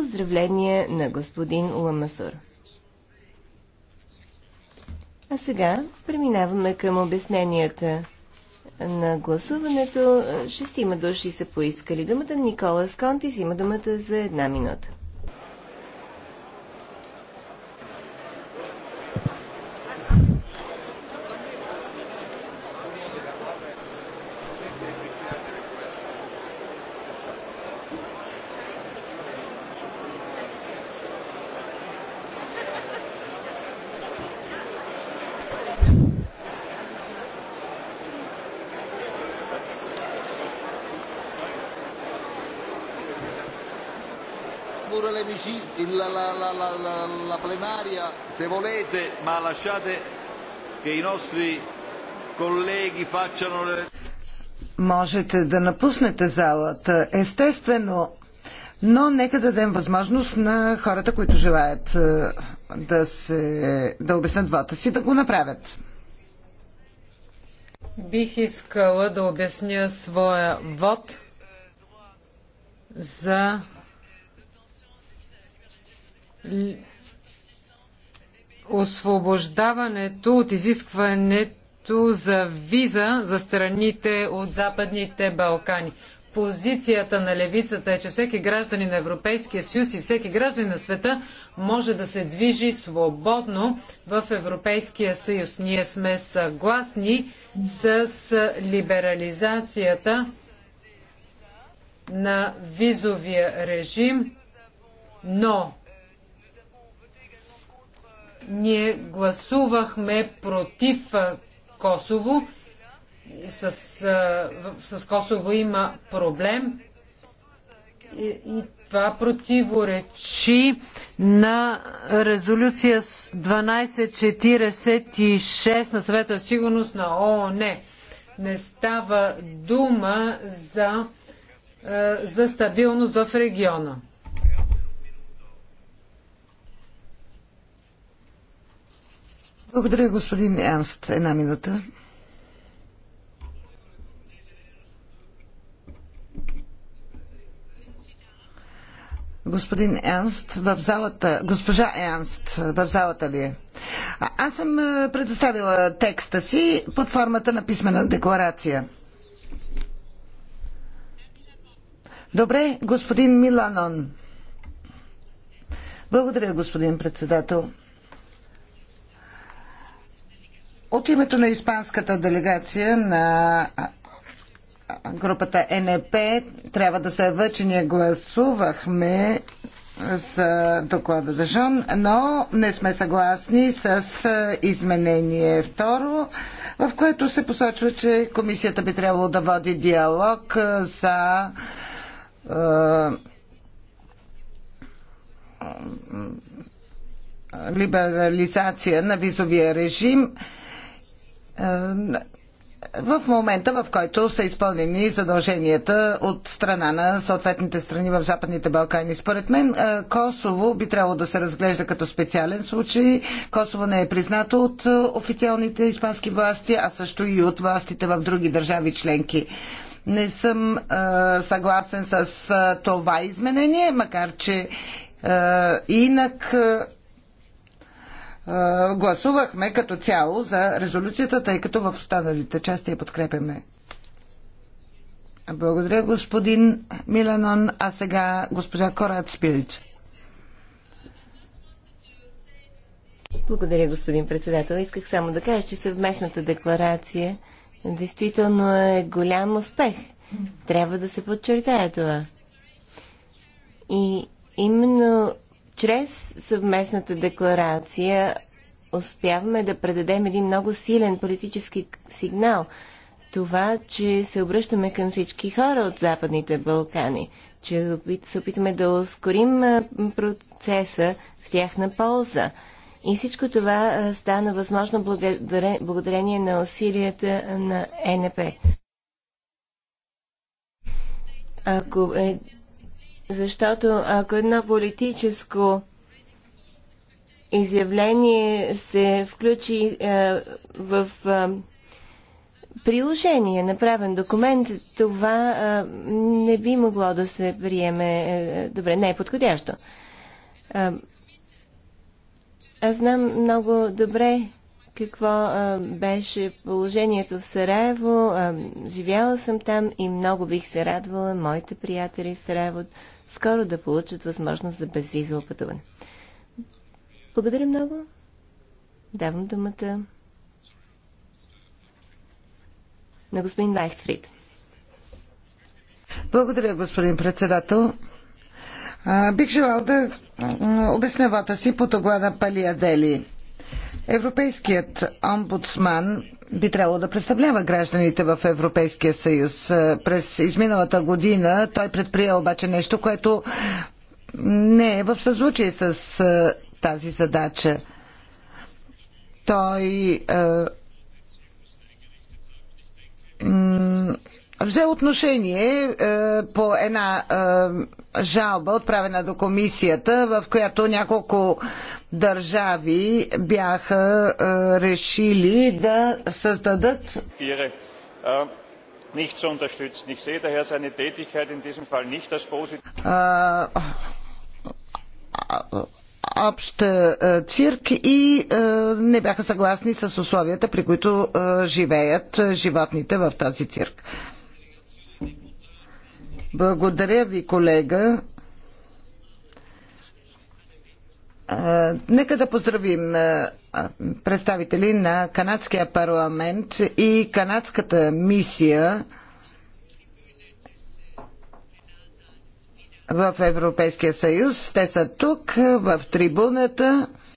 Поздравление на господин Ламасур. А сега преминаваме към обясненията на гласуването. Шестима души са поискали думата. Никола Сконтис има думата за една минута. chiudere la plenaria se volete, ma lasciate che i nostri colleghi facciano le... Можете да напуснете залата, естествено, но нека дадем възможност на хората, които желаят е, да, се, да обяснят вота си, да го направят. Бих искала да обясня своя вод за освобождаването от изискването за виза за страните от Западните Балкани. Позицията на левицата е, че всеки гражданин на Европейския съюз и всеки гражданин на света може да се движи свободно в Европейския съюз. Ние сме съгласни с либерализацията на визовия режим, но ние гласувахме против Косово. С, с Косово има проблем. И, и това противоречи на резолюция 1246 на съвета сигурност на ООН. Не става дума за, за стабилност в региона. Благодаря, господин Янст. Една минута. Господин Енст, в залата, госпожа Енст, в залата ли е? А, аз съм предоставила текста си под формата на писмена декларация. Добре, господин Миланон. Благодаря, господин председател. От името на испанската делегация на групата НЕП трябва да се вече ние гласувахме с доклада Дъжон, но не сме съгласни с изменение второ, в което се посочва, че комисията би трябвало да води диалог за е, либерализация на визовия режим. Е, в момента, в който са изпълнени задълженията от страна на съответните страни в Западните Балкани. Според мен е, Косово би трябвало да се разглежда като специален случай. Косово не е признато от е, официалните испански власти, а също и от властите в други държави членки. Не съм съгласен с това изменение, макар че инак гласувахме като цяло за резолюцията, тъй като в останалите части я подкрепяме. Благодаря, господин Миланон. А сега госпожа Корат Спирич. Благодаря, господин председател. Исках само да кажа, че съвместната декларация действително е голям успех. Трябва да се подчертая това. И именно чрез съвместната декларация успяваме да предадем един много силен политически сигнал. Това, че се обръщаме към всички хора от Западните Балкани, че се опитаме да ускорим процеса в тяхна полза. И всичко това стана възможно благодарение на усилията на НП. Ако е защото ако едно политическо изявление се включи е, в е, приложение направен документ, това е, не би могло да се приеме добре, не е подходящо. аз знам много добре какво а, беше положението в Сараево. А, живяла съм там и много бих се радвала моите приятели в Сараево скоро да получат възможност за безвизово пътуване. Благодаря много. Давам думата на господин Лайхтфрид. Благодаря, господин председател. Бих желал да обясня вата си по доклада Палия Дели. Европейският омбудсман би трябвало да представлява гражданите в Европейския съюз. През изминалата година той предприе обаче нещо, което не е в съзвучие с тази задача. Той е, взе отношение е, по една е, жалба, отправена до комисията, в която няколко държави бяха е, решили да създадат общ цирк и не бяха съгласни с условията, при които живеят животните в този цирк. Благодаря ви, колега. Нека да поздравим представители на Канадския парламент и канадската мисия в Европейския съюз. Те са тук, в трибуната.